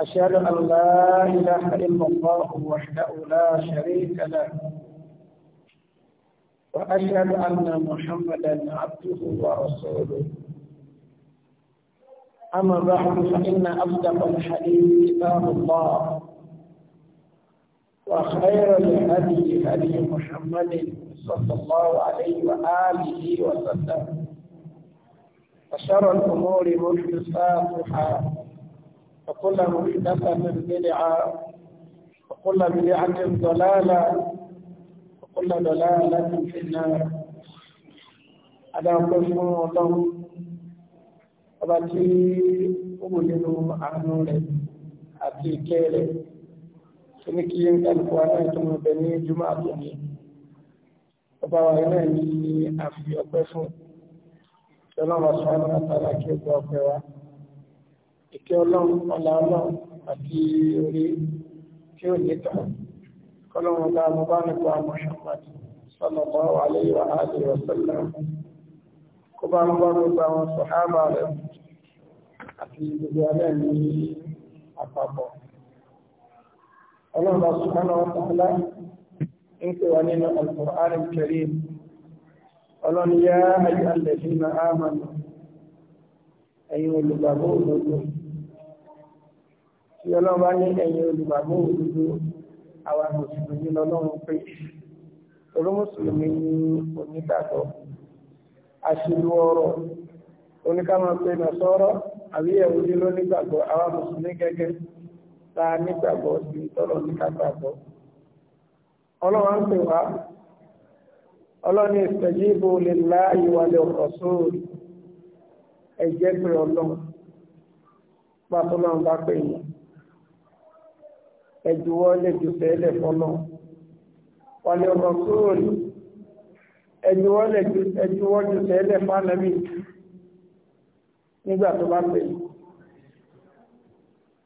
أشهد أن لا إله إلا الله وحده لا شريك له وأشهد أن محمدا عبده ورسوله أما بعد فإن أصدق الحديث كتاب الله وخير الهدي هدي محمد صلى الله عليه وآله وسلم وشر الأمور محدثاتها وكل محدثة بدعة وكل بدعة ضلالة وكل ضلالة في النار على كل الله ọba tí ó wù nínú àánú rẹ̀ àti ìkẹ́ rẹ̀ tó ní kí ń kálukú aláì tó mọ̀ bẹ̀ ní jùmọ̀ àtòní ọba wa náà ní àfi ọpẹ́ fún ọlọ́run ọ̀sán àtàlà kí ó gbọ́ ọpẹ́ wa ìkẹ́ ọlọ́run ọlá ọlọ́run àti orí tí ó níta kọlọ́run ọlá ọmọ bá nípa àmọ́ ṣàpàdé sallallahu alaihi wa alihi wa sallam kó bá ń gbọ́ gbogbo àwọn sọ̀hábà rẹ̀ àti gbogbo alẹ́ ní àpapọ̀ ọlọ́run subhanahu wa ta'ala ń pè wá nínú al-Qur'an al ọlọ́run yá ayyuhal ladhina amanu ẹ̀yin olùgbàgbọ́ òdodo tí ọlọ́run bá ní ẹ̀yin olùgbàgbọ́ òdodo àwa mùsùlùmí lọ́lọ́run pé torí mùsùlùmí ní onígbàgbọ́ àṣìlú ọ̀rọ̀ oníkàmọ́ pé nàṣọ́rọ́ àbí ẹ̀wùdí lónígbàgbọ́ àwa mùsùlùmí gẹ́gẹ́ ta nígbàgbọ́ sí tọ́lọ̀ nígbàgbọ́ ọlọ́run ń pè wá ọlọ́run ìsẹ̀jíbò lè láàyè wàlẹ̀ ọ̀kọ̀ sóòrì ẹ̀jẹ̀ pé ọlọ́run pàtó náà bá pè yín ẹ̀dùwọ́ lè jù sẹ́lẹ̀ fọ́nà wọlé ọmọ sóòlù ẹ̀dùwọ́ lè jù sẹ́lẹ̀ fánàbí nígbà tó bá pè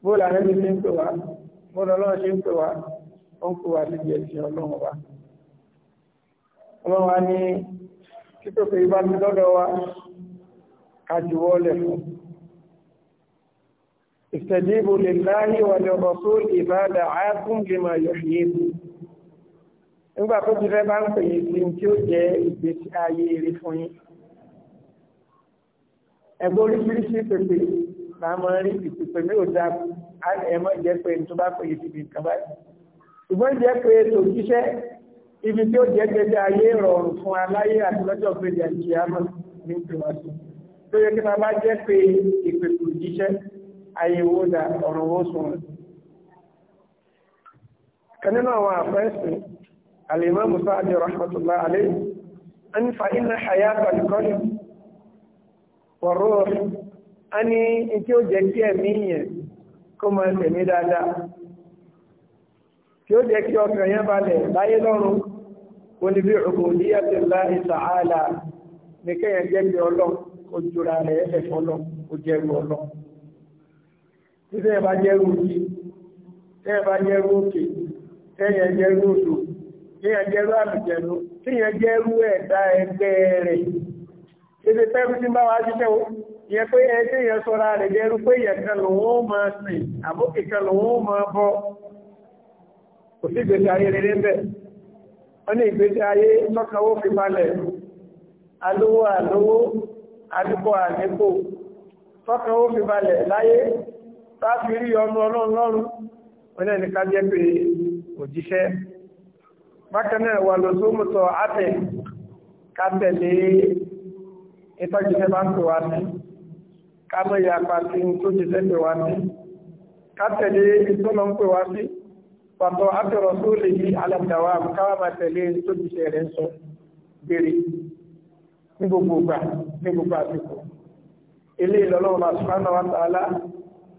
bóòlù àrẹ́bí ṣe ń pè wá bóòlù ọlọ́run ṣe ń pè wá ó ń pè wá sí ẹ̀sìn ọlọ́run wa ọlọ́run wa ní títòkè ìbámu lọ́dọ̀ wa kájúwọ́ lẹ̀ fún un استجيبوا لله وللرسول إذا دعاكم لما يحييكم nígbà tó ti fẹ́ bá ń pè é sí tí ó jẹ́ ìgbésí ayé eré fún yín ẹgbẹ́ oríṣiríṣi pèpè là máa rí ìpèpè mi ò dáa ẹ̀mọ́ jẹ́ pé tó bá pè é síbi nǹkan báyìí ṣùgbọ́n jẹ́ pé ètò jíṣẹ́ ibi tí ó jẹ́ gbèsè ayé rọrùn fún aláyé àti lọ́jọ́ gbèsè àjíyá náà ní ìpèwà tó yẹ kí n bá jẹ́ pé ìpèpè jíṣẹ́ ayé owó da ọ̀rọ̀ owó sùn rẹ̀. kanínú àwọn àfẹ́sì alìmọ́ musa àti rahmatullah alayhi an fa iná ṣayá pàdùkọ́lù wọ̀rọ̀ a ní tí ó jẹ́ kí ẹ̀mí yẹn kó máa tẹ̀mí dáadáa tí ó jẹ́ kí ọkàn yẹn balẹ̀ láyé lọ́rùn wọ́n bí ubudiyyati Allahi ta'ala ní kẹ́yẹ̀ jẹ́ bí ọlọ́ ojúra rẹ̀ ẹ̀fọ́ lọ ojẹ́rú ọlọ́run tí tẹ́ bá jẹ́ rúkí tẹ́ bá jẹ́ rúkí tẹ́yẹ jẹ́ rúdù tẹ́yẹ jẹ́ rú àbìjẹ̀nu tẹ́yẹ jẹ́ rú ẹ̀dá ẹgbẹ́ rẹ̀ ṣe fẹ́ rú sí bá wá ṣiṣẹ́ o yẹ pé ẹgbẹ́ yẹn sọ́ra rẹ̀ jẹ́ rú pé yẹn kan lòun ó máa sìn àbókè kan lòun ó máa bọ́ kò sí ìgbésí ayé rere ń bẹ̀ wọ́n ní ìgbésí ayé lọ́kànwó fi balẹ̀ alówó alówó táàfi rí ọmọ ọlọ́run lọ́rùn wọn náà ní ká jẹ́ pé òjíṣẹ́ bákan náà wà lọ tó mọ̀tọ̀ àtẹ̀ ká tẹ̀lé ìtọ́jíṣẹ́ bá ń pè wá sí ká mọ̀ ìyá pàtí tó jíṣẹ́ pè wá sí ká tẹ̀lé ìtọ́nà ń pè wá sí pàtó àtọ̀rọ̀ tó lè yí alàdàwà káwà máa tẹ̀lé tó jíṣẹ́ rẹ̀ ń sọ gbére ní gbogbo ìgbà ní gbogbo àsìkò ilé ìlọ́lọ́wọ́ bá sùpánà tààlà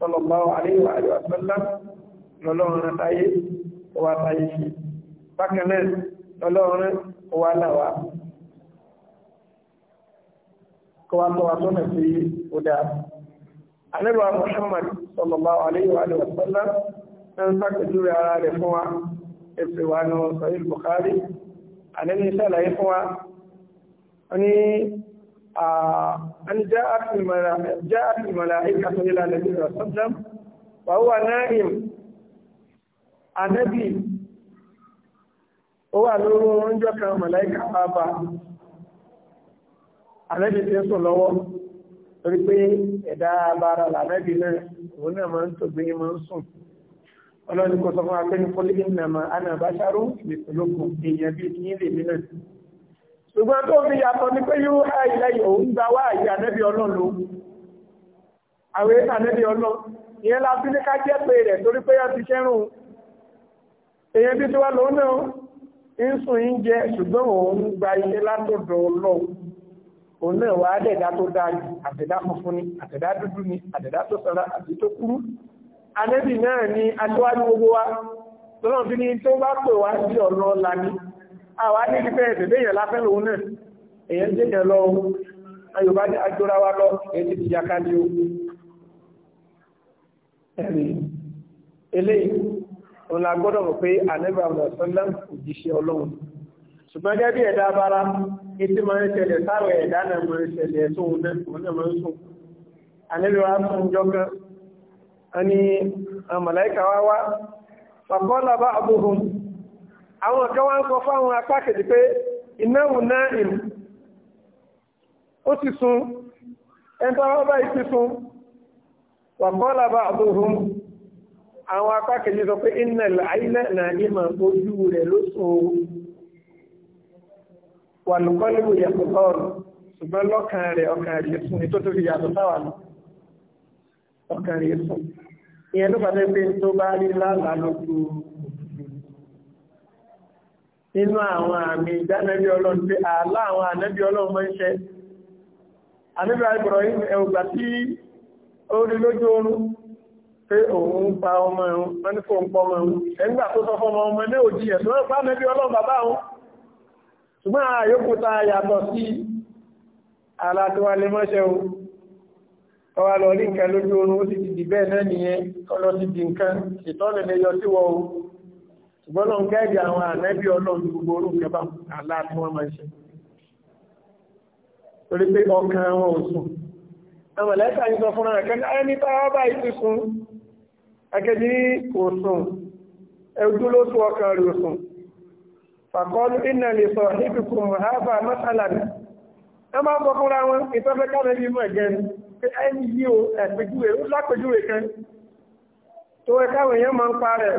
sallallahu alaihi wa sallam lọ́lọ́run táyé ó wá táyé sí bákan náà lọ́lọ́run ó wá láwá kó wá tọ́wà sọ́nà sí ó dáa alẹ́bà Muhammad sallallahu alaihi wa sallam ń sàkójúre ara rẹ̀ fún wa ẹ̀fẹ̀ wa ní sahih Bukhari alẹ́ni sàlàyé fún wa ní أن جاءت الملائكة جاءت الملائكة إلى النبي صلى الله عليه وسلم وهو نائم النبي ó wà lórí oúnjẹ kan mọ̀láíkà bàbá ànábì tí ń sùn lọ́wọ́ torí pé ẹ̀dá bára lànábì náà òun náà máa ń tògbé máa ń kò sọ fún akẹ́ni fọ́lẹ́gì náà máa ánà bá ṣáró ìgbésẹ̀ lókun èèyàn bíi ìyẹn lèmi náà ṣùgbọ́n tó fi yàtọ̀ ní pé yóò ha ilẹ̀ òun gba wá àyè ànẹ́bí ọlọ́lọ́ àwẹ́ ànẹ́bí ọlọ́ ìyẹn la fi ní ká jẹ́ pé rẹ̀ torí pé yọ́n ti ṣẹ́rùn èyàn bí tí wá lòun náà ń sùn ń jẹ ṣùgbọ́n òun gba ilé látọ̀dọ̀ ọlọ́run òun náà wà á dẹ̀dá tó dáa ni àtẹ̀dá dúdú ni àtẹ̀dá ni aṣíwájú gbogbo wa lọ́nà bí àwa ní ìfẹ́ ìfẹ́ yẹ̀ láfẹ́ lòun náà èyàn jẹ́ yẹ̀ lọ ayọ̀bá ní agbóra wa lọ èyí ti yaka ní o ẹ̀rì eléyìí òun la gbọ́dọ̀ mọ̀ pé ànẹ́bà ọ̀nà sọ́lá òjíṣẹ́ ọlọ́run ṣùgbọ́n gẹ́gẹ́ bí ẹ̀dá abára ètí máa ń ṣẹlẹ̀ sáwẹ̀ ẹ̀dá náà máa ń ṣẹlẹ̀ òun náà máa ń sùn ànẹ́bà wa sùn jọ kan a wá fàkọ́lá bá àbúhùn àwọn kan wá ń sọ fáwọn apá kejì pé ìnáwó náà ìlú ó ti sun ẹni tó wọ́n báyìí ti sun wàkọ́lá bá àbúrún àwọn apá kejì sọ pé iná àìlẹ̀ náà ìmọ̀ ojú rẹ̀ ló sun o wà lùkọ́lùkù yàtọ̀ lọ́rùn ṣùgbọ́n lọ́kàn rẹ̀ ọkàn rẹ̀ sun ní tó fi yàtọ̀ sáwà lọ ọkàn rẹ̀ sun ìyẹn ló fà nínú àwọn àmì ìdánẹ́bí ọlọ́run pé àlá àwọn ànẹ́bí ọlọ́run mọ́ ń ṣẹ. ànẹ́bí Ibrahim ẹ̀wùgbà tí ó rí lójú oorun pé òun ń pa ọmọ ẹ̀hún wọ́n ní kò ń pọ́ ọmọ ẹ̀hún ẹ̀ngbà tó sọ fọmọ ọmọ ní òjì ẹ̀ tó pa ànẹ́bí ọlọ́run bàbá ṣùgbọ́n lọ́n kẹ́ẹ̀dì àwọn ànẹ́bí ọlọ́run gbogbo orúkẹ bá aláàtí wọ́n máa ṣe torí pé ọkàn wọn ò sùn àwọn ẹ̀lẹ́ta ń sọ fún ara kẹ́ni ẹni tá a bá ìsì sùn akẹ́jì ní kò sùn ẹ̀dú ló sùn ọkàn rẹ̀ sùn fàkọ́lù iná lè sọ níbi kùn mọ̀háfà mọ́sálàdì ẹ máa ẹni yí o ẹ̀pẹ̀júwe tó ẹ káwọn máa ń pa rẹ̀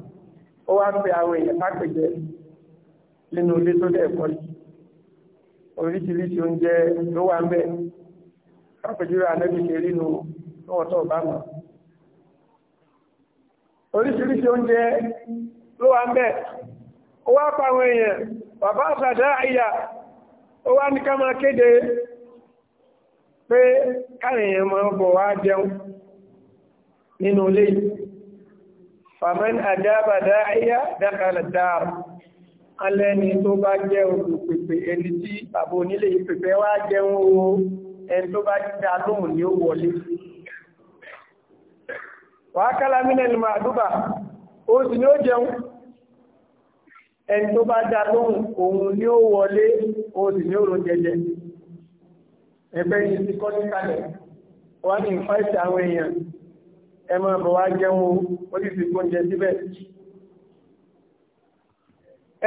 ó wá pe àwọn èèyàn lápèjẹ nínú ilé tó dẹ̀ kọ́ sí oríṣiríṣi oúnjẹ ló wà ń bẹ̀ lápèjúwe ànábì ṣe rí nu lọ́wọ́ oríṣiríṣi oúnjẹ ló wà ń ó wá pa àwọn èèyàn bàbá àṣàdá àyà ó wá ní ká máa kéde pé káàrin fàmán àdába dáhíyá dákàlà dáàrù alẹ́ni tó bá jẹ́ olùpèpè ẹni tí bàbá onílé ìpèpè wá jẹun owó ẹni tó bá dá lóhùn ni ó wọlé wàá kálá mínẹ́lì máa dúbà ó sì ní ó jẹun ẹni tó bá dá lóhùn òun ni ó wọlé ó sì ní òun jẹjẹ ẹgbẹ́ yìí ti kọ́ ní kalẹ̀ wọ́n ní ìfáìsì àwọn èèyàn ẹ máa bọ̀ wá jẹun ó sì fi gbóúnjẹ síbẹ̀.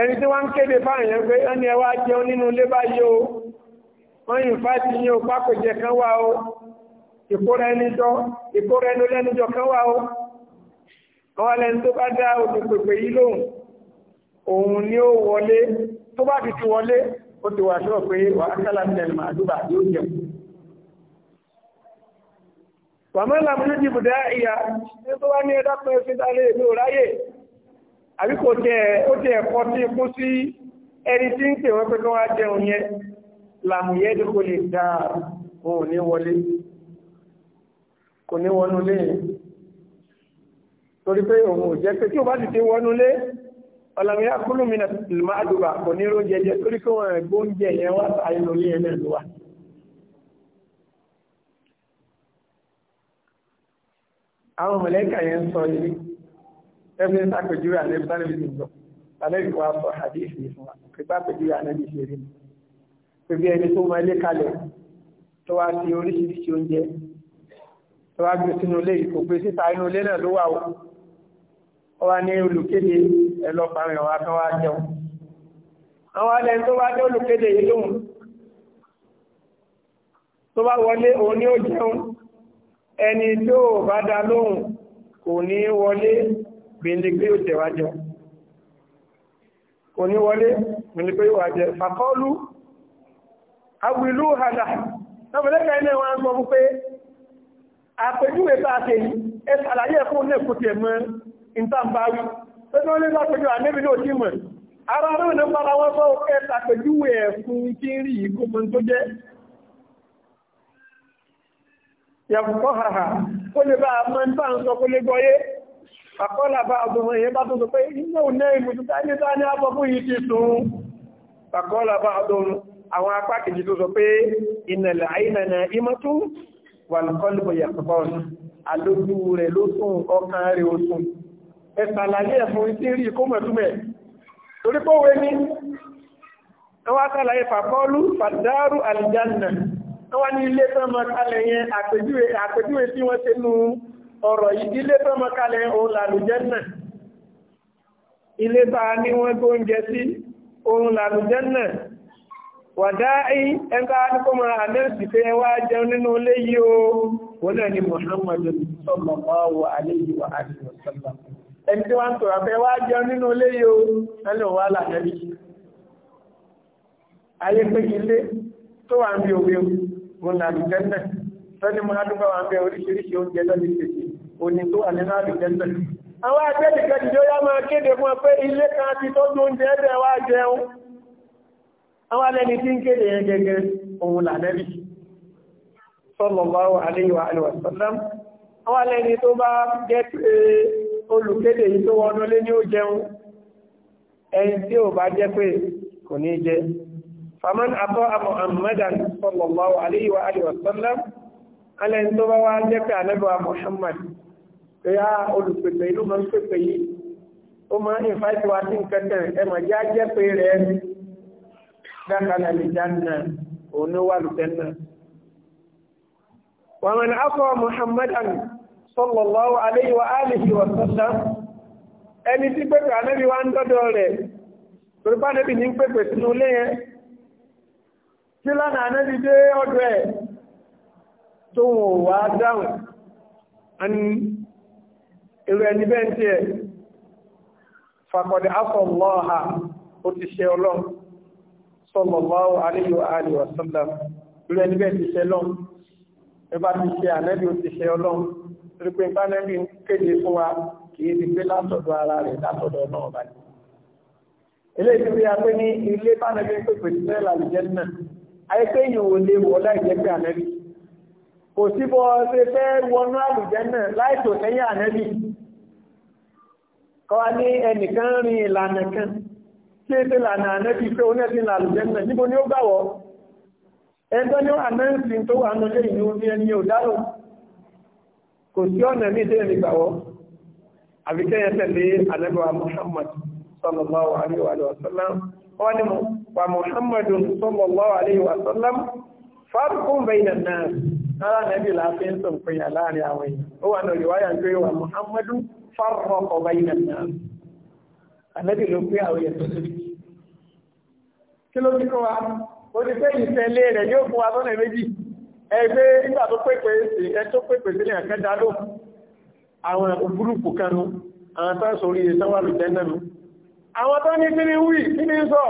ẹni tí wọ́n ń kéde fáwọn èèyàn pé ẹni ẹ wá jẹun nínú ilé báyìí o wọ́n yìí fà ti yín o pákòjẹ kan wà o ìkóra ẹnijọ́ ìkóra ẹnu lẹ́nijọ́ kan wà o wọ́n wá lẹ́ni tó bá dá olùpèpè yìí lóhùn òun ni ó wọlé tó bá fi ti wọlé ó ti wà sọ pé wàá kálá màdúbà yóò jẹun wàmọ́ làmú ní jìbùdá ìyá ní tó wá ní ẹ̀dá pẹ́ sí dálé ìlú ráyè àbí kò tẹ ó tẹ ẹ̀kọ́ tí kú sí ẹni tí ń pè wọ́n pé kí wọ́n á jẹun yẹn làmú yẹn tó kò lè dá òun ní wọlé kò ní wọnú lé torí pé òun ò jẹ́ pé tí ó bá ti ti wọnú lé ọ̀làmìyá kúlùmínà màdùbà kò ní róúnjẹ jẹ torí pé wọ́n ẹ̀gbóúnjẹ yẹn wá sáyé lórí ẹ̀ àwọn mọ̀lẹ́kà yẹn ń sọ yìí ẹgbẹ́ ń sàpèjúwe àlẹ́ ìbánibí ti sọ àlẹ́bí wa sọ hadith yìí fún wa pé bá pèjúwe àlẹ́bí ṣe rí ni pé bí ẹni tó mọ ilé kalẹ̀ tó wá sí oríṣiríṣi oúnjẹ tó wá gbé sínú ilé kò gbé síta inú ilé náà ló wà ó ó wá ní olùkéde ẹlọ́pàárin ọ̀wá kan jẹun àwọn alẹ́ tó wá jẹ́ olùkéde yìí lóhùn tó bá wọlé òun ni ó jẹun ẹni tó bá dá lóhùn kò ní wọlé gbìndígbé ò tẹ̀wájọ́ kò ní wọlé gbìndígbé ò wájẹ́ fàkọ́lù awìlú hàdà lọ́pọ̀lẹ́gbà ilé wọn gbọ́ wípé àpèjúwe bá ṣe yìí ẹ ṣàlàyé ẹ̀kún ní èkúté mọ́ ìtàǹbáwí tó ní wọ́n lé yàfùkọ́ hàhà kó lè bá àmọ́ ń bá ń sọ kó lè gbọ́yé àkọ́là bá àbùmọ̀ èyẹ bá tó sọ pé iná ò náà ìmùsùtá ní sáà ní àbọ̀ fún yìí ti sùn àkọ́là bá àbùmọ̀ àwọn apá kejì tó sọ pé ìnàlẹ̀ àìnànà ìmọ́tú wà lọ́kọ́lùmọ̀ yàfùkọ́ àlójú rẹ̀ ló sùn ọkàn rẹ̀ ó sùn ẹ sàlàyé ẹ̀fún tí rí kó mọ̀túmẹ̀ torí pọ́wé ní wọ́n sàlàyé fàkọ́lù fàdárù àlìjánà wọ́n ní ilé tán mọ kalẹ̀ yẹn àpèjúwe tí wọ́n ṣe nu ọ̀rọ̀ yìí ilé tán mọ kalẹ̀ òun làlùjẹ́nà ilé bá ní wọ́n tó ń jẹ sí ohun làlùjẹ́nà wàdá ẹ́yí ẹgbá nípọ́mọ̀ àmẹ́sì pé ẹwà jẹun nínú ilé yìí o wọ́n náà ni wa alihi wa sallam ẹni tí wọ́n ń tọ̀rọ̀ pé ẹwà jẹun nínú o ẹlẹ́ wà lànàbí ayé pé ilé tó wà ń bí òwe wọn là àlùjẹ́ńdẹ̀ sọ́ni mo ládùúgbò wa ń bẹ oríṣiríṣi oúnjẹ lọ́dún ìṣèṣì òní tó wà nínú àlùjẹ́ńdẹ̀. àwọn àgbẹ̀lì kejì ló yá máa kéde fún ọ pé ilé kan ti tọ́jú oúnjẹ ẹ̀bẹ̀ wá jẹun. àwọn alẹ́ni tí ń kéde yẹn gẹ́gẹ́ òun lànẹ́bì sallallahu alaihi wa alihi wa sallam àwọn alẹ́ni tó bá jẹ́ pé olùkéde yìí tó wọnú lé ní ó fàmán àtọ́ Muhammadan sallallahu alayhi wa alihi wa sallam alẹ́ ń tó bá wá jẹ́ pé ànábì wa Muhammad pé á olùpèsè ìlú máa ń pèsè yìí ó máa ń ìfáìsì wa sí nǹkan tẹ̀ ẹ mà já jẹ́ pé rẹ̀ dákàlà lè já nà òun ní wà lùtẹ́ náà. ومن عصى محمدا صلى الله عليه وآله وسلم ẹni tí pẹ̀pẹ̀ ànábì wa ń dọ́dọ̀ rẹ̀ pẹ̀pẹ̀ ànábì ní pẹ̀pẹ̀ sínú ilé yẹn tí lánà ànábì dé ọ̀dọ̀ ẹ̀ tó wọ́n wá dáhùn àní èrò ẹni bẹ́ẹ̀ tí ẹ̀ fàkọ̀dẹ̀ afọ̀lọ́ha ó ti ṣe ọlọ́m sallallahu alaihi wa alihi wa sallam èrò ẹni bẹ́ẹ̀ ti ṣe lọ́m ẹbá ti ṣe ànábì ó ti ṣe ọlọ́m rí pé pánẹ́bì ń kéde fún wa kìí di pé látọ̀dọ̀ ara rẹ̀ látọ̀dọ̀ náà báyìí eléyìí ti pé ní ilé pánẹ́bì ń pèpè sílẹ̀ lálùjẹ́ náà àyíké ìyòwò lè wọ̀ láìjẹ́ pé ànẹ́bì kò síbọ̀ ṣe fẹ́ wọnú àlùjànnà láìtò sẹ́yìn ànẹ́bì kọ́wá ní ẹnìkan rin ìlànà kan tí ètò ìlànà ànẹ́bì pé onẹ́sìn ìlànà àlùjànnà níbo ni ó gbà wọ́ ẹjọ́ ní àmẹ́sìn tó wà nílé ìlú ní ẹni òdárò kò sí ọ̀nà ní ìdẹ́ ìrìgbàwọ́ àbíkẹ́yẹ tẹ̀lé àlẹ́bàá Muhammad sallallahu alaihi wa sallam wọ́n wa muhammadun sallallahu alaihi wa sallam farqun bainan nas ara nabi la fi ń sọ̀kọ̀ yà láàrin àwọn èèyàn ó wà náà riwaya ń pé wa muhammadu farraqa bainan nas ànábì ló pé àwọn èèyàn tó tóbi kí ló ti kọ́ wa ó ti pé ìtẹ̀lé rẹ̀ yóò fún wa lọ́nà méjì ẹgbẹ́ nígbà tó pèpè sí ẹ tó pèpè sílẹ̀ àkẹ́dá ló àwọn òbúrúkú kanú àwọn tó ń sọ orí ìtẹ́wà lùjẹ́ náà àwọn tó ní kí ni wí kí ni sọ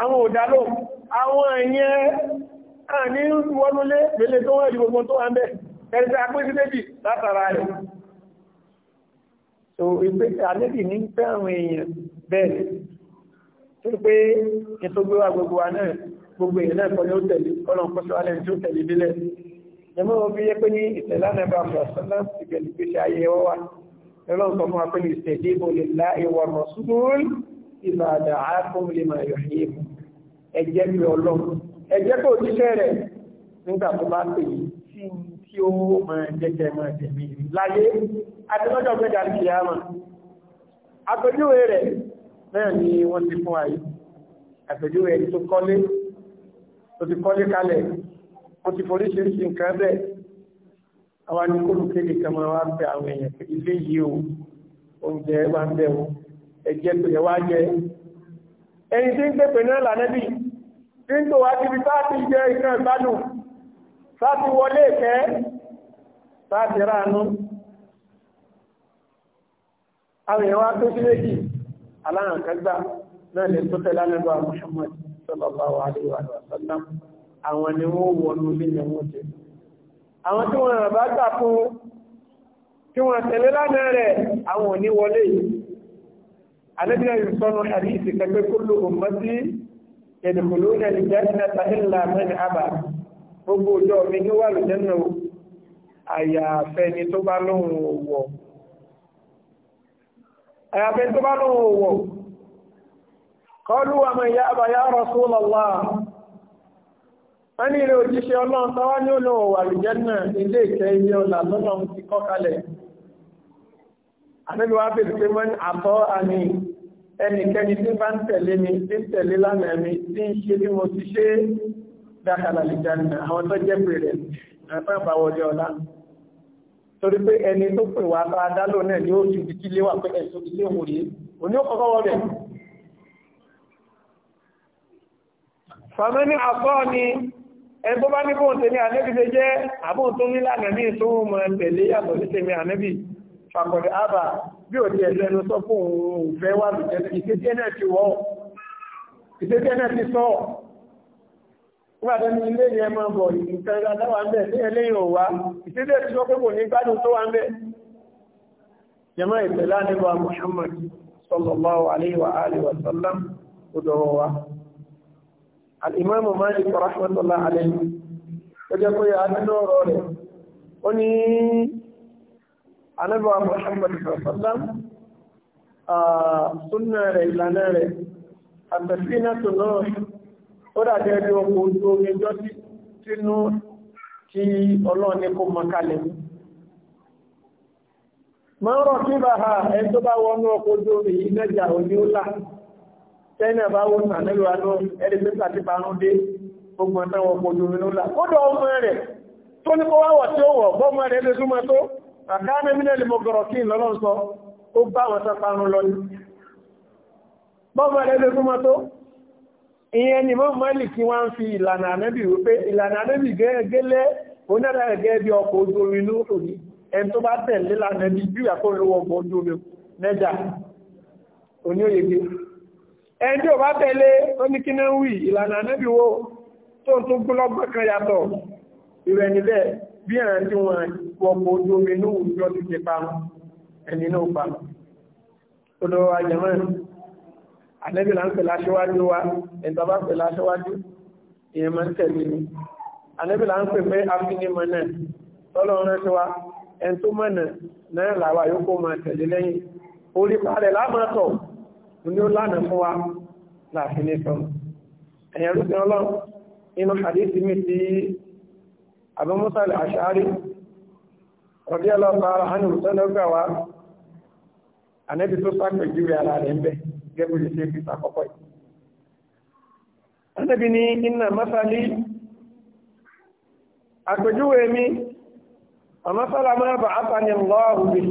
àwọn òdálò àwọn ẹ̀yẹ àní wọnúlé pẹ̀lẹ̀ tó wọ́n ìdìbò tó wọ́n bẹ́ ẹ̀rẹ́sẹ̀ àpínṣẹ́ méjì látara rẹ̀ so ìgbé àlébì ní pẹ́ àwọn èèyàn bẹ́ẹ̀ tó rí pé ètò gbé wa gbogbo wa náà gbogbo èèyàn náà kọjọ́ tẹ̀lé ọlọ́run kọ́sọ́ alẹ́ tí ó tẹ̀lé délẹ̀ ẹmọ́ wọn fi yẹ pé ní ìtẹ̀lánà kọ́ إذا دعاكم لما يحييكم ẹjẹ́ pé ọlọ́run ẹjẹ́ pé òjíṣẹ́ rẹ̀ nígbà tó bá pè yí tí tí ó máa jẹ́jẹ́ máa tẹ̀mí láyé àtẹ́lọ́jọ́ gbẹ́dà ti yá mà àpèjúwe rẹ̀ náà ni wọ́n ti fún àyè àpèjúwe ẹni tó ti kọ́lé kalẹ̀ wọ́n ti foríṣiríṣi nǹkan bẹ́ẹ̀ àwọn anìkólùkéde kan máa wá pé àwọn èèyàn ilé yìí o oúnjẹ wá ń bẹ̀ ẹ̀jẹ̀ pẹ̀lẹ̀ wá jẹ ẹni tí ń gbé pẹ̀lẹ̀ náà lànẹ́bì tí ń tó wá ti fi sáà ti jẹ ìkan ìbádùn sáà wọlé ìfẹ́ sáà ti àwọn èèyàn wá tó sí méjì aláhàn kagbá náà lè tó tẹ́lá lẹ́gbà Muhammad sallallahu alaihi wa sallam àwọn ni wọ́n wọnú ilé wọn jẹ àwọn tí wọ́n bá الذي يصون حديث كما كل أمتي يدخلون الجنة إلا من أبى gbogbo ọjọ́ mi ní wàlú nínú àyàfẹ́ni tó bá lóhun òwò àyàfẹ́ni tó bá lóhun òwò kọlu àmà ìyá àbáyá rọ̀súlọ́lá wọ́n ní ilé òjíṣẹ́ ọlọ́run tọ́wá ní olóhun òwò àlùjẹ́nà ilé ìkẹ́ ilé ọlà lọ́nà ti kọ́ kalẹ̀ àdébíwá bèèrè pé mọ́ àtọ́ àní ẹnikẹ́ni tí bá ń tẹ̀lé mi tí ń tẹ̀lé lánàá mi tí ń ṣe bí mo ti ṣe dákàlà lìjánà àwọn tó jẹ́ pè rẹ̀ àpá àbáwọlé ọ̀la torí pé ẹni tó pè wá bá dálò náà ni ó ju ibi tí léwà pé ẹ̀sùn ilé òun rèé òní ó kọ́kọ́ wọlé. fàmí ní àkọ́ ni ẹni tó bá ní bóun tẹ̀lé ànẹ́bí ṣe jẹ́ àbóun tó ní lánàá ní bí ò ní ẹ̀lú ẹnu sọ fún òun fẹ́ wà lùjẹ́ ìtẹ́jẹ́ náà ti wọ́ ìtẹ́jẹ́ náà ti sọ wíwàtẹ́ ní ilé ni ẹ máa bọ̀ nǹkan aláwà ń bẹ̀ ní ẹlẹ́yìn òwá ìtẹ́jẹ́ ti sọ pé kò ní gbádùn tó wà ń bẹ̀ jẹmọ́ anábọ̀ Muhammad sallam súnà rẹ̀ ìlànà rẹ̀ àtẹ̀sínà tó náà ó dàjẹ́ bí ọkọ̀ ojú omi ọjọ́ sínú tí ọlọ́ọ̀ni kó mọ kalẹ̀ ní ma ń rọ̀ kí bá ha ẹn tó bá wọ́n ní ọkọ̀ ojú omi ìgbẹ́jà òní ó là tẹ́nà bá wọ́n nà nílò àánú ẹni pẹ́sà ti bá rún dé gbogbo ẹ̀tàn ọkọ̀ ojú omi ló là kódọ̀ ọmọ rẹ̀ tó ní kó wáwọ̀ tí ó wọ̀ bọ́mọ rẹ̀ lè tó àkáàmì mílẹ̀ lè mọ́ gọ̀rọ̀ kí lọ́lọ́ sọ ó bá wọn sáparun lọ ní bọ́bọ̀ lẹ́gbẹ́ fún mọ́tó ìyẹn ni mọ́ mọ́lì kí wọ́n fi ìlànà ànẹ́bì wípé ìlànà ànẹ́bì gẹ́gẹ́ onára gẹ́gẹ́ bí ọkọ̀ ojú omi ní òní ẹn tó bá tẹ̀lé lànàbì bí ìyàkó bí ẹ̀rẹ́ tí wọ́n wọ́pọ̀ ojú omi ní òjò ti ti parun ẹni náà parun tó lọ ajẹ́mọ́ àlẹ́bí là ń pè láṣíwájú wa ẹ̀dọ́ bá pè láṣíwájú máa ń tẹ̀lé ni àlẹ́bí là ń pè pé afinimọ̀ náà tọ́lọ́ rántí wa ẹn tó mọ̀nà náà làwà yóò kó máa tẹ̀lé lẹ́yìn orí parẹ̀ lámọ́tọ̀ ní ó mi ti Abu Musa al-Ash'ari radiyallahu ta'ala anhu sọ́nà gbà wá ànẹ́bí tó sàpèjúwe ara rẹ̀ ń bẹ̀ gẹ́gbẹ̀rẹ̀ sí ibi sàkọ́kọ́ yìí ànẹ́bí ní inna masali àpèjúwe mi ọmọ sọ́lá máa bà á tani lọ́ọ̀rù bi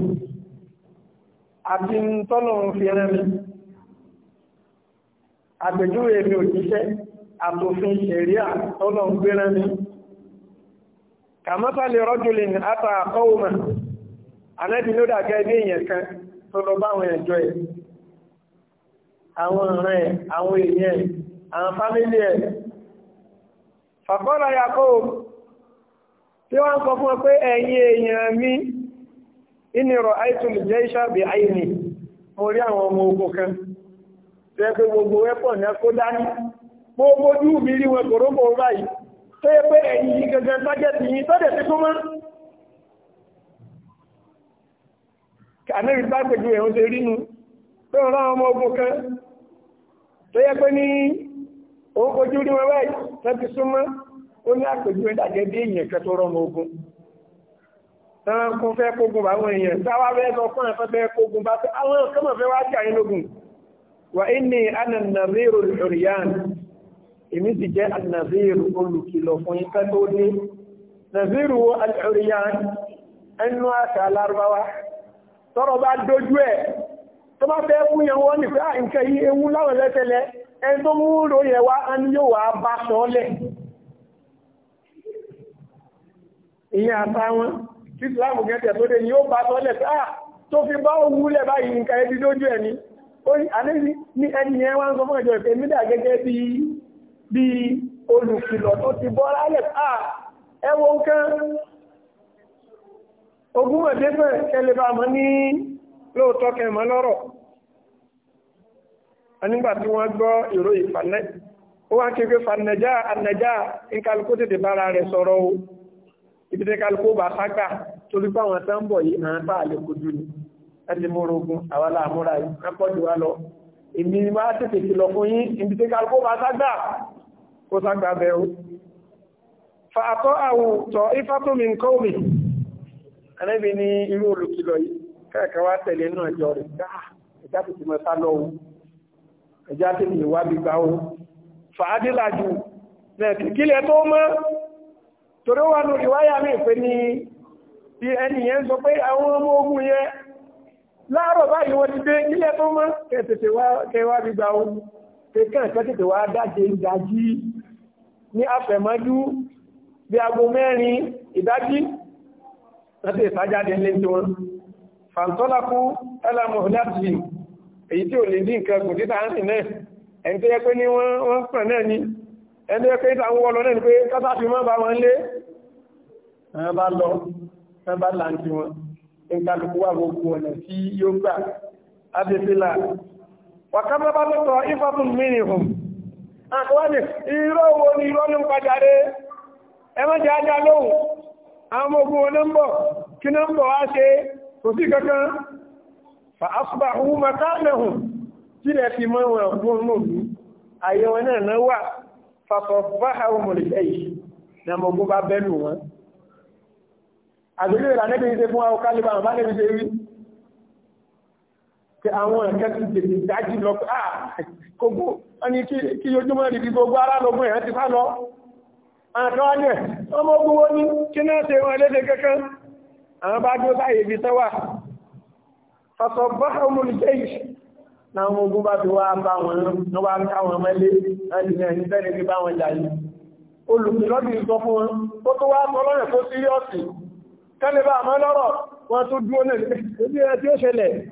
àti tọ́nà òfin mi àpèjúwe mi òjíṣẹ́ àtòfin ṣẹ̀ríà tọ́nà òfin mi kàmọ́sálẹ̀ rọ́jùlìn àtà àkọ́wùmá anẹ́bí ló dàgẹ́ ilé èèyàn kan tó lọ bá àwọn ẹ̀jọ́ ẹ̀ àwọn ọ̀rẹ́ ẹ̀ àwọn èèyàn ẹ̀ àwọn fámílì ẹ̀ fàkọ́lá yakọ́ tí wọ́n ń sọ fún ọ pé ẹ̀yin èèyàn mi ìnirọ̀ àìtùlù jẹ́ tó yẹ pé ẹ̀yìn yìí gẹ̀gẹ̀ bájẹ́tì yìí tọ́dẹ̀ ti súnmọ́ kàmẹ́rin bá pẹ̀lú ẹ̀hún ṣe rínú tó rán ọmọ ogun kan tó yẹ pé ní òun kojú rí wẹ́wẹ́ tó ti súnmọ́ ó ní àpèjú ìdàgẹ́ bí èèyàn kan tó rọmọ ogun fẹ́ kógun èmi ti jẹ́ al-Nadhir olùkìlọ̀ fún ikẹ́ tó dé Nadhiru al-Uryan ẹnu àṣà alárúbáwá tọ́rọ bá dojú ẹ̀ tó bá fẹ́ fún yẹn wọ́n ní pé à ah, nǹkan yí ewu láwọn lẹ́tẹ̀lẹ́ ẹni tó mú rò yẹ wá a ní yóò wá bá sọ́ọ́lẹ̀ ìyẹn àtà wọn tí ni yóò ah, ni ẹni yẹn wá ń sọ gẹ́gẹ́ bí olùkìlọ̀ tó ti bọ́ rálẹ̀ àà ẹwọ ń kán ogún ẹ̀dẹ́fẹ́ kẹlẹ̀bà mọ́ ní lóòtọ́ kẹmọ́ lọ́rọ̀ nígbà tí wọ́n gbọ́ ìró ìfànẹ́ ó wá kéèké fanẹjá anẹjá ìkálukú tètè bára rẹ̀ sọ̀rọ̀ o ibi tí kálukú bá torí pé àwọn tán bọ̀ yìí hàn bá lè kojú ni ẹni mú rogun àwọn làmúra yìí kápọ́jù wa lọ èmi wá tètè kìlọ̀ fún yín ibi tí kálukú bá kó sáàgbà bẹ̀rù fa àtọ́ àwùtọ̀ ifátómi nǹkan omi anẹ́bí ní irú olùkìlọ̀ yìí kẹ́ẹ̀kẹ́ wá tẹ̀lé náà jọ rẹ̀ dáa ẹ̀já fa adélàjù lẹ́ẹ̀kì kílẹ̀ tó mọ́ torí wà nù ìwáyà mi pé ní bí ẹni yẹn sọ pé àwọn ọmọ ogun yẹn láàárọ̀ báyìí wọ́n ti dé kílẹ̀ tó mọ́ kẹ́ẹ̀ wá gbígbá o kẹ́kẹ́ ìkẹ́kẹ́ wá dájé ìdájí ní àfẹ̀mọ́jú bí aago mẹ́rin ìdájí láti ìsájáde ilé tí wọ́n fàntọ́lá fún ẹlàmù láti èyí tí ò lè ní nǹkan gùn títà ń rìn ẹni tó yẹ pé ní wọ́n pẹ̀ náà ni ẹni tó yẹ pé ìtàwọn wọ́lọ náà ni pé kátà fi mọ́ bá wọn lé wọ́n bá lọ wọ́n wàkàbàbà lọ́tọ̀ ìfàbùn mìírìnhùn àkọwàní irọ́ wo ni irọ́ ní pàjáre ẹmọ́jẹ́ ajá lóhùn àwọn ogun wọn nọ́mbọ̀ kí nọ́mbọ̀ wá ṣe kò sí kankan fa asùgbà ohun makánahùn tí rẹ̀ fi mọ́ wọn gún mọ́bí ayé wọn náà náà wà fàfọ́ bá àwọn mọ̀lẹ́kẹ́ yìí ní àmọ́ ogun bá bẹ́lù wọn àgbélé ìlànà ìdíje fún àwọn kálíbà àbálẹ́bí ṣe rí àwọn ẹ̀kẹ́ ti tètè dájú lọ pé à ah, kògbó wọ́n ni kí ojúmọ́ rí bí gbogbo ará lọ́gbọ́ ẹ̀ ti fá lọ àtọ́wọ́lẹ̀ ọmọ gbogbo ní kí náà tẹ wọn lédè kankan àwọn bá dúró báyìí ibi tẹ́wà fọ́sọ̀ bá ọmọ olùjẹ́ yìí láwọn ogun bá fi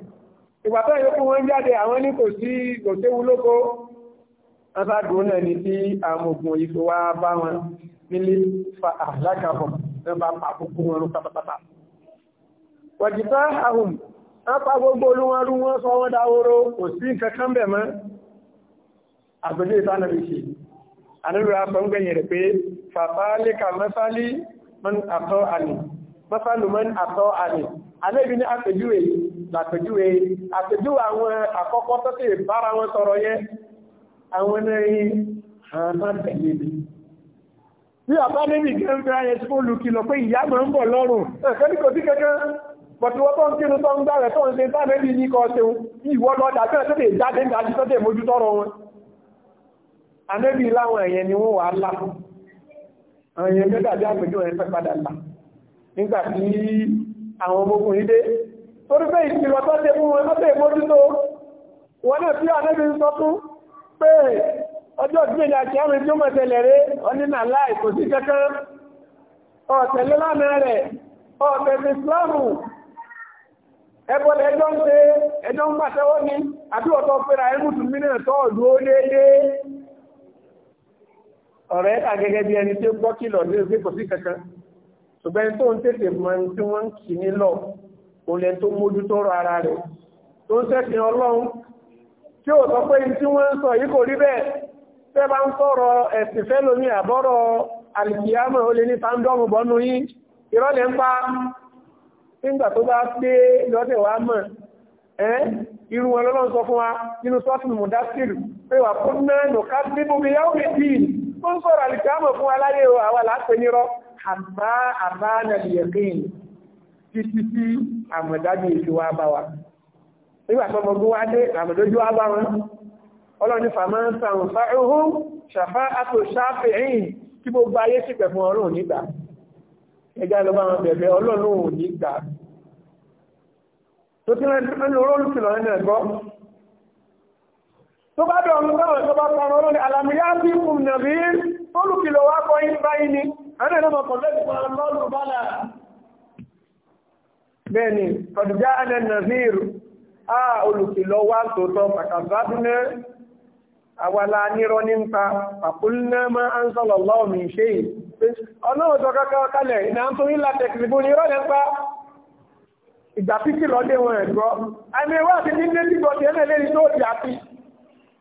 ìgbà tó yẹ kó wọ́n jáde àwọn ní kò sí kò séwu lóko látàdùn náà ni tí àwọn ogun ìfò wá bá wọn nílé fa àlákàbọ̀ náà bá pàkókò wọn rú pátápátá wàjìtá ahùn lápá gbogbo olúwọ́rú wọn sọ wọ́n dáwóró kò àlébi ní àpèjúwe làpèjúwe àpèjúwe àwọn àkọ́kọ́ tó sì bára wọn sọ̀rọ̀ yẹn àwọn ẹ̀yìn àwọn tẹ̀lé mi bí àbá níbi gẹ́gẹ́ ayẹ tí ó lùkìlọ̀ pé ìyá mọ̀ ń bọ̀ lọ́rùn ẹ̀kẹ́lìkò tí kẹ́kẹ́ pọ̀tíwọ́ tó ń kírun tó ń gbá rẹ̀ tó ń ṣe sáàmẹ́bí ní kọ́ ṣeun ìwọ́ lọ́dà tẹ́lẹ̀ tó lè jáde ń dájú tọ́tẹ̀ mójú tọ́rọ wọn anẹ́bí láwọn ẹ̀yẹ ni wọ́n wà lá àwọn ẹ̀yẹ mẹ́ta bí àpèjọ ẹ̀ fẹ́ padà là nígbà tí àwọn ọmọkùn ìdé torí pé ìpìlọ̀ tó tẹ fún wọn tẹ mójútó wọn náà tí ànẹ́bí ń sọ fún pé ọjọ́ ìgbìyànjú àti ẹ̀rìn tí ó mọ̀ tẹ̀lẹ̀ rẹ̀ ọ́nínà láì kò sí kankan ọ̀tẹ̀lé lánàá rẹ̀ ọ̀tẹ̀lé islamu ẹbọ̀lẹ̀ ẹjọ́ ń pé ẹjọ́ ń pàtẹ́wọ́ ní àdúọ̀tọ́ pẹ́ra ẹgbùtùn mínà tọ́ ọ̀lú ó léèdé ọ̀rẹ́ ẹ̀ta gẹ́gẹ́ bí ẹni tí ó gbọ́ kìlọ̀ ní òfin kankan ṣùgbọ́n tó ń tètè mọ ẹni tí wọ́n ń kì ní lọ òun lẹ́ni tó mójú tó rọ ara rẹ̀ tó ń ṣẹ̀sìn ọlọ́run tí ò sọ pé ní tí wọ́n ń sọ yìí kò rí bẹ́ẹ̀ tẹ́ bá ń sọ̀rọ̀ ẹ̀sìn fẹ́ lómi àbọ̀rọ̀ àlìkìyámọ̀ ó lè ní tándọ́mù bọ́nú yín ìrọ̀lẹ́ ń pa nígbà tó bá pé lọ́tẹ̀ wá mọ̀ ẹ́ irú wọn lọ́lọ́n sọ fún wa nínú sọ́tún mọ̀dásílù pé wà fún náà àbá àbáànà ìyẹ̀kín títí sí àmọ̀dájú ìṣòwò àbáwá nígbà tó mọ̀gbó wá dé àmọ̀dójú wá bá wọn ọlọ́ni fàmọ́ ń sàn fáhúhú ṣàfá àtò ṣáfihìn kí gbogbo ayé sì pẹ̀ fún ọlọ́run nígbà ẹjá lọ bá wọn bẹ̀bẹ̀ ọlọ́run nígbà olùkìlọ̀ wá kọ́ yí báyìí ni ẹ̀rẹ́lọ́mọ̀ kọ̀lẹ́ àwàlá nírọ nípa àkúlẹ́mọ́ ansallallahu min shay ọlọ́wọ́ tó kọ́kọ́ kalẹ̀ ìná tó ń látẹ̀ kìrìbó ní rọ́lẹ̀ pa ìgbàpítì lọ́dẹ̀ wọn ẹ̀gbọ́. àmì ẹwà ti ní lẹ́bí bọ́dẹ̀ ẹ̀lẹ́lẹ́rí tó ti àti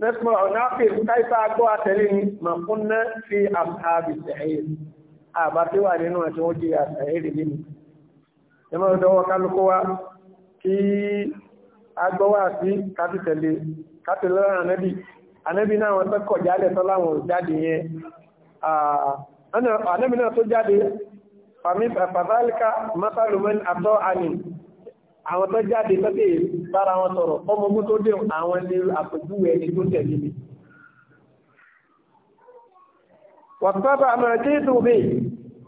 nẹ́sùmọ̀ ọ̀nàfẹ́ káìsà agbó àtẹ́lẹ́ ni mà fún ná fi àbí sẹ̀yìn àbá tí wà nínú àti wọ́n di àtẹ́yìn rẹ̀ nínú. ẹ máa dọwọ́ kálukú wa kí agbó wà sí káti tẹ̀lé káti lọ́rọ̀ ànábì ànábì náà wọ́n tẹ́kọ̀ jáde tọ́ láwọn jáde yẹn. ànábì náà tó jáde fàmí fàtàlíkà mọ́tàlùmọ́ni àtọ́ àní àwọn tó jáde tọ́tẹ̀ bára wọn sọ̀rọ̀ ọmọ ogun tó dẹ̀hùn àwọn ní àpèjúwe ẹni tó tẹ̀lé mi. wàtúbà àmọ̀ràn tí ìdùn mi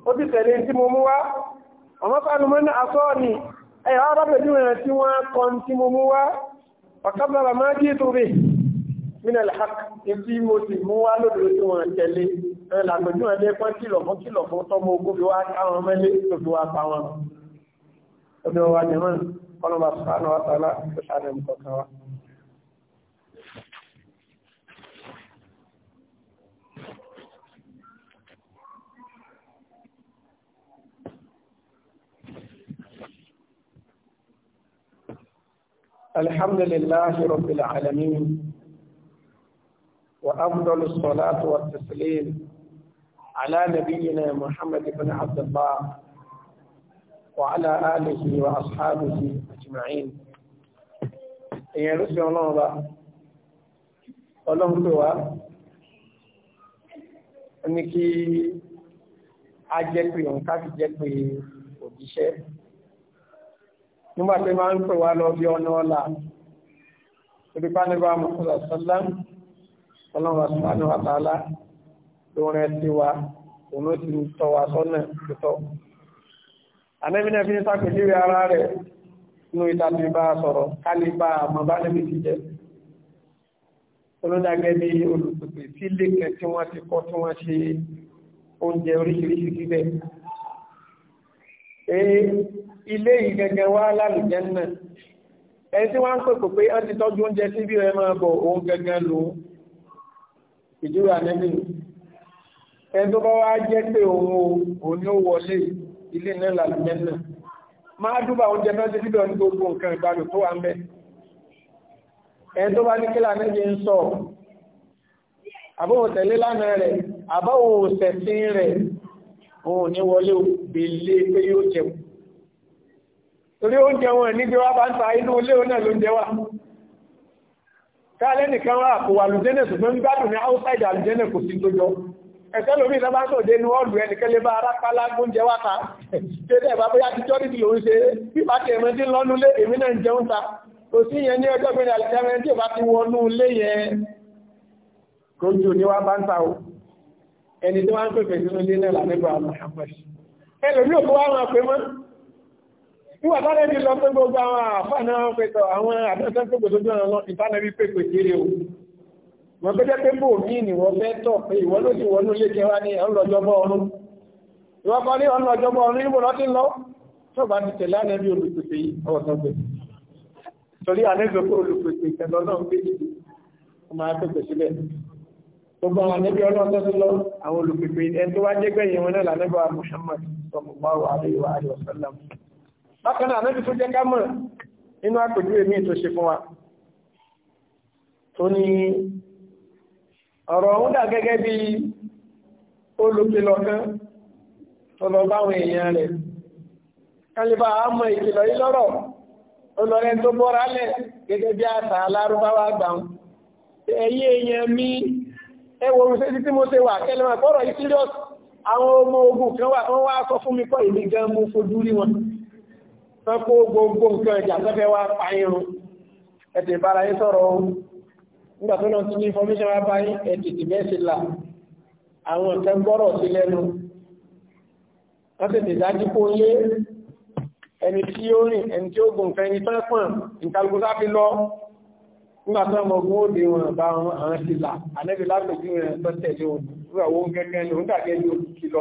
ó ti tẹ̀lé tí mo mú wá ọmọ fanumọ́ ní asọ́ ni ẹ̀yà arábẹ̀júwe rẹ̀ tí wọ́n kọ́ tí mo mú wá wàkábàbà máa jí ìdùn mi nínú ẹ̀lẹ́hàk ibi mo sì mú wá lódò tí wọ́n tẹ̀lé ẹ̀ làpèjúwe rẹ̀ pọ́n kìlọ̀ fún kìlọ̀ fún ọlọ́mà الله سبحانه وتعالى sàánù ẹ̀mùkọ̀ọ̀kan wa. الحمد لله رب العالمين وأفضل الصلاة والتسليم على نبينا محمد بن عبد الله وعلى آله وأصحابه أجمعين ẹ̀yẹ ló ṣe ọlọ́run bá ọlọ́run pè wá ní kí a jẹ́ pé òun káfí jẹ́ pé òjíṣẹ́ nígbàtí máa ń pè wá lọ bí ọ̀nà ọ̀la torí pánibà mọ́kànlá sọ́lá ọlọ́run àtàlá lórí ẹ̀ sí wa òun ó ti tọ́ wa sọ́nà tó tọ́ anẹ́bínà fi ń sàpèjúwe ara rẹ̀ nínú ìtàbí bá sọ̀rọ̀ kálíbà àmọ́bá níbi ti jẹ́ olódàgẹ́ bí olùpèpè sí lẹ́kẹ̀ẹ́ tí wọ́n ti kọ́ tí wọ́n ṣe oúnjẹ oríṣiríṣi síbẹ̀ ilé ìgẹ̀gẹ̀ wá lálùjẹ́ náà ẹni tí wọ́n ń pèpò pé ọ́n ti tọ́jú oúnjẹ sí bí ẹ máa bọ̀ òun gẹ́gẹ́ lò ó ìdúrà ẹni tó bá wá jẹ́ pé òun ò ní wọlé ilé náà làlùmẹ́nà máa dúbà oúnjẹ náà ti bíbẹ̀ ní gbogbo nǹkan ìgbàlù tó wà ń bẹ ẹni tó bá ní kílà méje ń sọ àbọ̀wò tẹ̀lé lánàá rẹ̀ àbọ̀wò sẹ̀sìn rẹ̀ òun ní wọlé bèlé pé yóò jẹun torí oúnjẹ wọn níbi wá bá ń ta inú ilé náà ló ń jẹ wá káàlẹ́ nìkan wá kò wà lùjẹ́nẹ̀ ṣùgbọ́n gbádùn ní outside àlùjẹ́nẹ̀ kò sí tó jọ ẹ̀kẹ́ lómi ìlànà tó dé ní ọ̀dù ẹnìkẹ́lẹ́ bá ara pálá gbóúnjẹ wá ta tẹ́lẹ̀ bá bóyá ti jọ́ nídìí lòun ṣe bíbá ti ẹ̀mọ́ tí lọ́nú lé èmi náà ń jẹun ta kò sí yẹn ní ọjọ́ gbẹ̀rẹ̀ àlẹ́kẹ́rẹ́ tí ò bá ti wọnú lé yẹn kò jù ní wá bá ń ta o wọn gbẹ́jẹ́ pé bò mí ni wọ́n fẹ́ tọ̀ pé ìwọ ló sì wọnú ilé kẹwàá ní ọlọ́jọ́bọ́ ọ̀run ìwọ kan ní ọlọ́jọ́bọ́ ọ̀run níbo lọ́tí lọ tó bá ti tẹ̀lé ànẹ́bí olùpèsè yìí ọ̀sán gbèsè torí ànẹ́bí olùpèsè ìtẹ̀lọ́ náà gbé jìbì ó máa pèsè sílẹ̀ gbogbo àwọn ànẹ́bí ọlọ́tọ́ sí lọ tó wá jẹ́gbẹ̀yìn Muhammad sallallahu alaihi wa alihi wa sallam bákan náà ànẹ́bí tó jẹ́ ká mọ̀ ọ̀rọ̀ ọ̀hún dà gẹ́gẹ́ bí olùkìlọ̀ kan tọ́lọ báwọn èèyàn rẹ̀ kálíbà àmọ́ ìkìlọ̀ yìí lọ́rọ̀ olùrẹ́ tó bọ́ra lẹ̀ gẹ́gẹ́ bí àṣà alárúbáwá gbàun ẹ̀yí èèyàn mi ẹwọ orúṣẹ́ títí mo ṣe wà kẹ́lẹ̀ wọn kọ́rọ̀ yìí serious àwọn ọmọ ogun kan wà wọ́n wá sọ fún mi kọ́ ìlú gan mo fojú rí wọn wọ́n kó gbogbo nǹkan ìjà tó wá pa irun ẹ̀tẹ̀ ìbára yín sọ̀rọ̀ ohun nígbà tó náà ti ní information wá báyìí ẹ̀tìtì mẹ́sì là àwọn nǹkan gbọ́rọ̀ sí lẹ́nu wọ́n tètè dájú kó lé ẹni tí ó rìn ẹni tí ó gùn fẹ́ ẹni tán pọ̀n ìkàlùkù sáfi lọ nígbà tó ọmọ ogun òde wọn bá àwọn sí là ànẹ́bí lápẹ̀jú rẹ̀ tó tẹ̀lé òun nígbà wo gẹ́gẹ́ ni òun dàgẹ́ ní oṣù kìlọ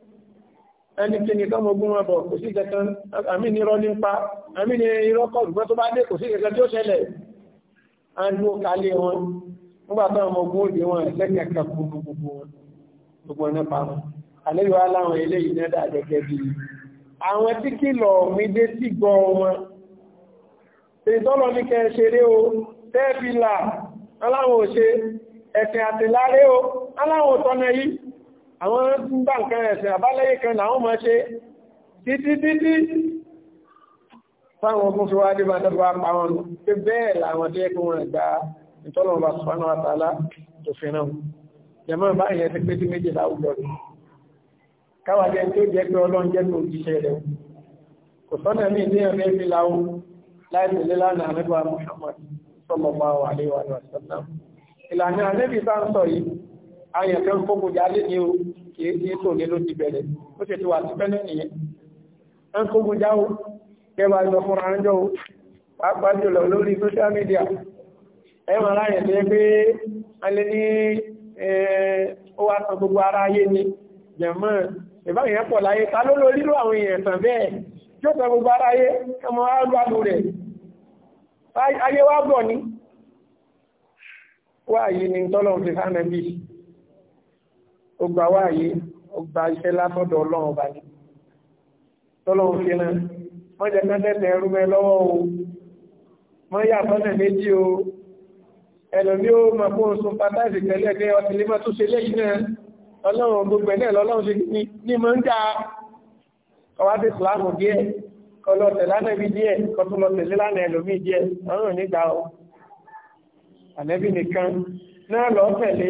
ẹni tí ní kọ́mọ ogun wọn bọ̀ kò sí kẹkàn àmì ní irọ́ nípa àmì ní irọ́ kọ̀ọ̀gbọ́n tó bá dé kò sí kẹkàn tí ó ṣẹlẹ̀ àánú kalẹ̀ wọn nígbà tó ọmọ ogun òde wọn lẹ́kẹ̀ẹ́ kan kú gbogbo wọn gbogbo ẹ̀nà pa wọn àlejò aláwọn eléyìí náà dà gẹ́gẹ́ bí àwọn tí kìlọ̀ mi dé sí gbọ́ wọn ìtọ́lọ ní kẹ ṣeré o tẹ́ẹ̀bìlà aláwọn òṣe ẹ̀sìn àtìláré o aláwọn òtọ́nà yìí àwọn ń bá nǹkan ẹ̀sìn àbáláyé kan làwọn máa ṣe títí títí fáwọn ogun fi wá dé bá dọ́gba àwọn pé bẹ́ẹ̀ làwọn tó yẹ kí wọ́n gba ìtọ́lọ̀ bá sọ́nà àtàlá tó fi náà jẹmọ́ báyìí ẹ̀sìn pé tí méjì láwùjọ rẹ̀ káwà jẹ́ tó jẹ́ pé ọlọ́run jẹ́ tó jíṣẹ́ rẹ̀ kò sọ́nà mí ní ẹ̀mí mi láwù láìpẹ̀lẹ́ ìlànà àrẹ́bì tá ń sọ yìí àwọn èèyàn kan fókò jálé ní o kìí sí tò ní ló ti bẹ̀rẹ̀ ó ṣe ti wà sí pẹ́lẹ̀ nìyẹn ń fókò jáwó kẹwà lọ fúnra ń jọ pàápàá jùlọ lórí social media ẹ̀rọ aláyẹ̀ tó yẹ pé alẹ́ ní ó wá san gbogbo ara ayé ni jẹ̀mọ́ ìbáyẹn pọ̀ láyé ta ló lórí ló àwọn èèyàn sàn bẹ́ẹ̀ tí ó san gbogbo ara ayé ọmọ agbádùn rẹ̀ ayé wá bọ̀ ni wáyé ni tọ́lọ́ fi sánà bíi ó gba wáàyè ó gba iṣẹ́ látọ̀dọ̀ ọlọ́run ọba ni tọ́lọ́run fi rán wọ́n jẹ́ tẹ́tẹ́tẹ́ ẹrú mẹ́ lọ́wọ́ o wọ́n yà sọ́nà méjì o ẹlòmí ó mọ̀ fún oṣù pátáìsì tẹ́lẹ̀ pé ọtí lè má tún ṣe léyìn náà ọlọ́run gbogbo ẹ̀ náà lọ́lọ́run ṣe ní mọ̀ ń jà ọwá sí ìsìlámù díẹ̀ kọlọ tẹ̀lá nẹ́bí díẹ̀ kọtún lọ lánàá ẹlòmí díẹ̀ ọlọ́run nígbà ọ ànẹ́bí nìkan náà lọ tẹ̀lé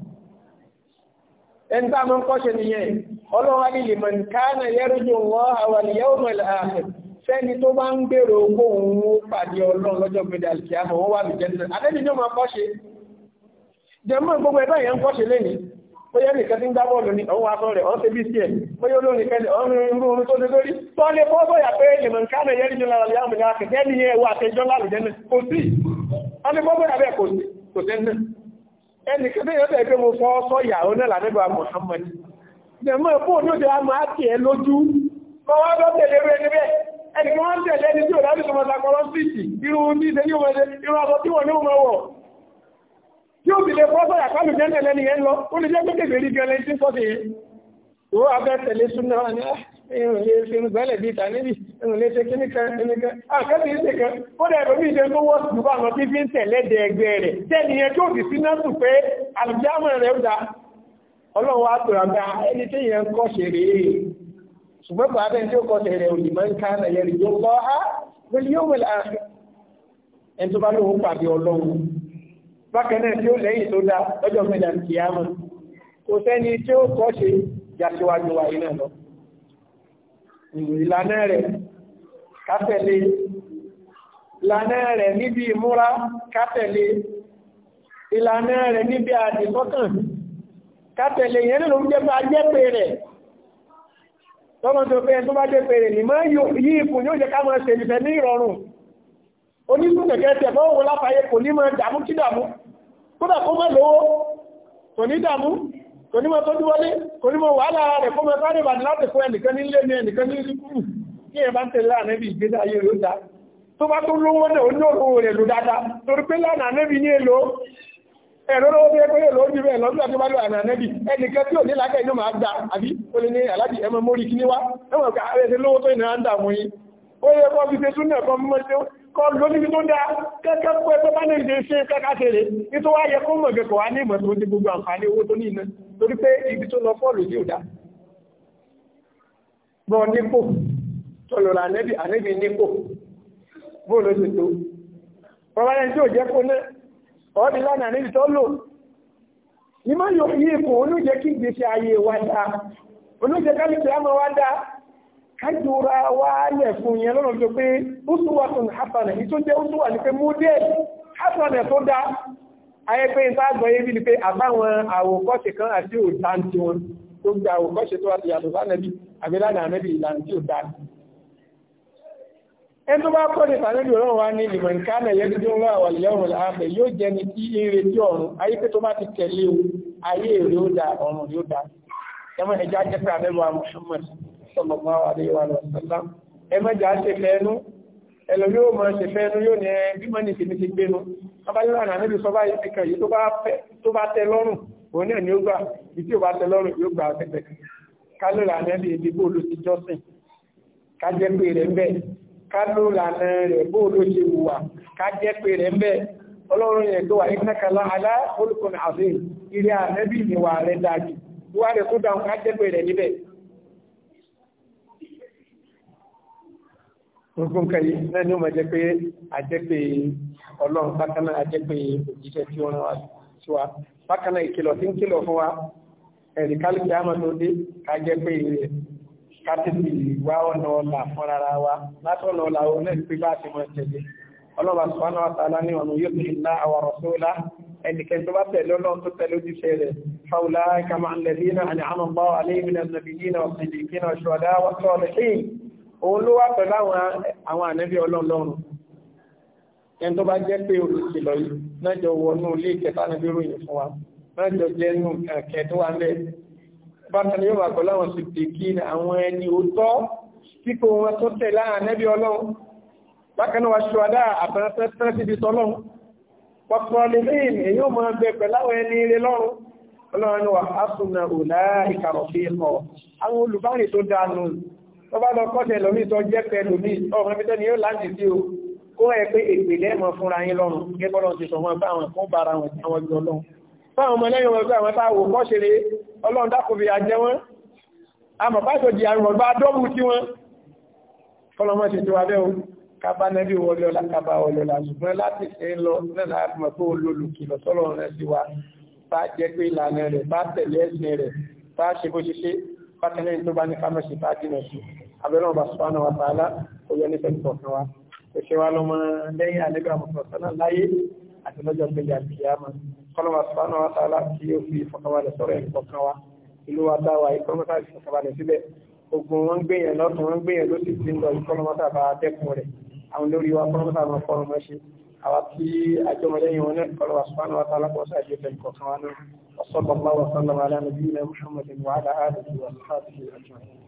ẹni tá a máa ń kọ́ṣe nìyẹn ọlọ́wà lílì mọ̀ nìkanà yẹ́rùjù wọ́n àwàlìyẹ́ òmò ààfẹ́ sẹ́ni tó bá ń gbèrò owó òun ó pàdé ọlọ́run lọ́jọ́ gbèdé àlùkìyàmọ̀ wọ́n wà ní jẹ́nìtàn àdébì ni ó máa kọ́ṣe jẹ́mọ́ gbogbo ẹ̀bá yẹn ń kọ́ṣe lẹ́ni bóyá nìkan ti ń gbá bọ́ọ̀lù ní ọwọ́ aṣọ rẹ̀ ọ́n ṣe bí sí ẹ̀ bóyá olórin kẹ́lẹ̀ ọ̀run irú orin tó lé lórí tó lè bọ́ bóyá pé lèmọ̀ nǹkan náà yẹ́rìí jọlá lọ́lẹ́ àmì ní akẹ́kẹ́ ní ẹwà àtẹjọ́ lálùjẹ́ náà kò sí ọdún bọ́ bóyá bẹ́ẹ̀ kò sí kò sẹ́ńtẹ́ ẹnìkan tó yẹ fẹ́ pé mo fọ́ sọ́yà onílà nígbà Muhammad jẹ̀mọ́ ẹ̀kọ́ ní òjò àmà àti ẹ̀ lójú kọ́ wá bọ́ tẹ̀lé rẹ̀ níbẹ̀ ẹnìkan wọ́n tẹ̀lé ẹni tí ò láti sọmọ sàkọrọ síìtì irú ní ìṣẹ́ ní ọmọdé irú aṣọ tí wọ́n ní ọmọ wọ̀ tí ó sì lè fọ́ sọ́yà pálù jẹ́ tẹ̀lé ni ẹ ah, lọ ìrùn lè ṣe ń gbẹ́lẹ̀ bíi tàníbì ìrùn lè ṣe kíní kan kíní kan àkẹ́sì ìṣe kan ó dẹ̀ ẹ̀rọ bíi ṣe tó wọ́ sùn bá àwọn fífi ń tẹ̀lé dẹ ẹgbẹ́ rẹ̀ tẹ́ni yẹn tó fi síná sùn pé àlùjámọ̀ rẹ̀ ó da ọlọ́run wa tó ràgbà ẹni tí yẹn ń kọ́ ṣe rèé ṣùgbọ́n bàbá ẹni tó kọ́ ṣe rẹ̀ òyìnbó ń ká náà yẹn rìndó kọ́ á wẹ́lí yóò wẹ̀lẹ̀ àṣẹ ẹni tó bá lóun pàdé ọlọ́run bákan náà tí ó lẹ́yìn tó dá lọ́jọ́ mẹ́ta kìí á mọ̀ kò sẹ́ni tí ó kọ́ ṣe yàtìwájú wa iná lọ ìlànà rẹ̀ kátẹ̀lé ìlànà rẹ̀ níbi ìmúra kátẹ̀lé ìlànà rẹ̀ níbi àdìsọ́kàn kátẹ̀lé yẹn nínú jẹ́ bá jẹ́ pé rẹ̀ tọ́mọ tó fẹ́ tó bá jẹ́ pé rẹ̀ ní máa yí ikùn yóò jẹ́ ká máa ṣe ìfẹ́ ní ìrọ̀rùn onígun kẹ̀kẹ́ tẹ̀ bọ́wọ́ láfàyè kò ní máa dàmú kí dàmú kódà kó má lówó kò ní dàmú kò ní mọ́ tó dúwọlé kò ní mọ́ wàhálà rẹ̀ kó mọ́ sáré ìbàdàn láti fún ẹnìkan nílé ní ẹnìkan ní ìlúkúrù kí ẹ bá ń tẹ̀lé ànẹ́bí ìgbésí ayé ló dá tó bá tó lówó náà ó ní òru rẹ̀ ló dáadáa torí pé lánàá ànẹ́bí ní èlò ẹ̀rọ lówó bí ẹgbẹ́ èlò ojú rẹ̀ lọ́dún àti bálò ànẹ́bí ẹnìkan tí ò ní lákẹ́ inú máa gbà àbí ó lè ní aláàjì ẹmọ mórí kí níwá ẹmọ ká ààrẹ ti lówó tó ìnà ń dààmú yín ó yẹ kó kẹ́kẹ́ pé tó bá ní ìṣe ṣe kẹ́kẹ́ ṣe rè nítorí wá kó mọ̀ gẹ̀kọ́ wá ní ìmọ̀ tó ti gbogbo àǹfààní owó tó ní ìná torí pé ibi tó lọ fọ́ọ̀lù ní òdá bọ́ nípò tọ́lọ̀rọ̀ ànẹ́bì ànẹ́bì nípò bóòlù ti tó pọ̀wọ́lẹ́ tí ó jẹ́ kó náà ọdí lánàá níbi tó lò ní má yóò yí ipò olóòjẹ́ kí gbèsè ayé wa dá olóòjẹ́ ká lùtẹ̀ àmọ́ wa dá kájúra wa lẹ̀ fún yẹn lọ́nà tó pé ó tún wà tún hàpànà ìtó jẹ́ ó tún ní pé mú dé hàpànà tó dá ayé pé ń sáàgbọ́ yé bí ni pé àbáwọn àwòkọ́ṣe kan àti òdá ti wọn tó gba àwòkọ́ṣe tó àti yàtọ̀ bá nẹ́bí àbílànà ànẹ́bí ìlànà tí ó dá ní. ẹni tó bá kọ́ ní sànẹ́bí ọlọ́run wá ní ìmọ̀ nǹkan náà yẹ dídí ńlá àwọn ìyá òun láàfẹ́ yóò jẹ́ ni kí eré tí ọ̀run ayé pé tó bá ti tẹ̀lé o ayé èrè ó dá ọ̀run yóò dá. ẹmọ ẹja jẹ́ pé àbẹ́wò àmọ́ ẹlò yóò mọ̀ ṣe fẹ́ ẹnu yóò ní ẹ bí mọ́ ní tèmi ti gbénu abájúwà náà níbi sọ́bá ìkan yìí tó bá tẹ lọ́rùn òun náà ni ó gbà bí tí ó bá tẹ lọ́rùn yóò gbà lànà bí bóòlù ti jọ́sìn pé rẹ̀ ń bẹ̀ lànà rẹ̀ bóòlù ṣe wùwà pé gbogbo nǹkan yìí náà ni ó máa jẹ́ pé àjẹpé ọlọ́run bákan náà àjẹpé òjíṣẹ́ tí ó rán wa sí wa bákan náà ìkìlọ̀ tí ń kìlọ̀ fún wa ẹ̀rí kálíkì àmọ́ tó dé ká jẹ́ pé rẹ̀ ká tètè wá ọ̀nà ọ̀la fún ara wa látọ̀nà ọ̀la òun náà pé bá a ti mọ̀ tẹ̀lé ọlọ́run subhanahu wa ta'ala ní ọ̀nà yóò fi ná àwọn rasula ẹnikẹ́ni tó bá tẹ̀lé ọlọ́run tó tẹ̀lé ojúṣe rẹ̀ fáwọlá kama alladhina an'ama Allahu alayhim minan nabiyyin was siddiqin wash shuhada was salihin òun ló wá pẹ̀lú àwọn ànẹ́bí ọlọ́run ẹni tó bá jẹ́ pé olùkìlọ̀ yìí náà wọnú ilé ìkẹta níbi ròyìn fún wa náà jọ jẹ́ nù kẹ̀kẹ́ tó wà ń bẹ́ bákan yóò wà pẹ̀lú àwọn sìtìkì àwọn ẹni òótọ́ tí kò wọn tó tẹ̀ láàrín ànẹ́bí ọlọ́run bákan náà wá ṣùwádà àpẹẹrẹ síbi tọ́lọ́run pọ̀pọ̀ lèmín èyí ò máa bẹ pẹ̀láwọn ẹni ilé lọ́run ọlọ́run wà á sùn náà ò láà ìkàrọ̀ fi ọ̀ àwọn olùbárìn tó dáa nù tó bá lọ kọ́ṣẹ́ lómi tó jẹ́ pẹ́ lómi ọmọ ibi tẹ́ni yóò láti sí o kó ẹ pé èpè lẹ́mọ̀ fúnra yín lọ́rùn gẹ́gbọ́dọ̀ ti sọ wọn bá àwọn kan bára wọn tí wọ́n jọ lọ fáwọn ọmọ lẹ́yìn wọn pé àwọn tá wò kọ́ṣeré ọlọ́run dákò fi àjẹ wọn àmọ̀ bá ṣòdì àrùn ọ̀gbá dọ́bù tí wọ́n fọlọmọ ti tó abẹ́ òun kaba nẹ́bí wọlé ọlá kaba wọlé ọlá ṣùgbọ́n láti ṣe ń lọ nílá mọ̀ pé olólùkì lọ sọ́lọ́ rẹ̀ sí wa bá jẹ́ pé ìlànà rẹ̀ bá tẹ̀lé ẹ̀sìn rẹ̀ bá ṣe bó ṣe ṣe bá tẹ̀lé tó bá ní kámẹ́sì bá dínà sí i abẹ́rẹ́ ọba sọ́nà wa tààlà ó yẹ nífẹ̀ẹ́ ìtọ̀kan wa kò ṣe wa lọ́mọ lẹ́yìn àlejò àmọ̀tọ̀ sọ́nà láyé àti lọ́jọ́ gbẹ̀yà kìyàmà kọ́nà wa sọ́nà wa tààlà kí ó fi ìfọ̀kànbalẹ̀ sọ̀rọ̀ ìtọ̀kan wa ìlú wa táwa ìkọ́mọ́tà ìfọ̀kànbalẹ̀ síbẹ̀ ogun wọn gbìyàn lọ́tún wọn gbìyàn ló sì ti ń lọ ìkọ́lọ́mọ́tà bá dẹ́kun rẹ̀ àwọn olórí wa kọ́lọ́mọ́tà máa fọ́rọ̀ mọ́ ṣe àwa tí àjọmọlẹ́yìn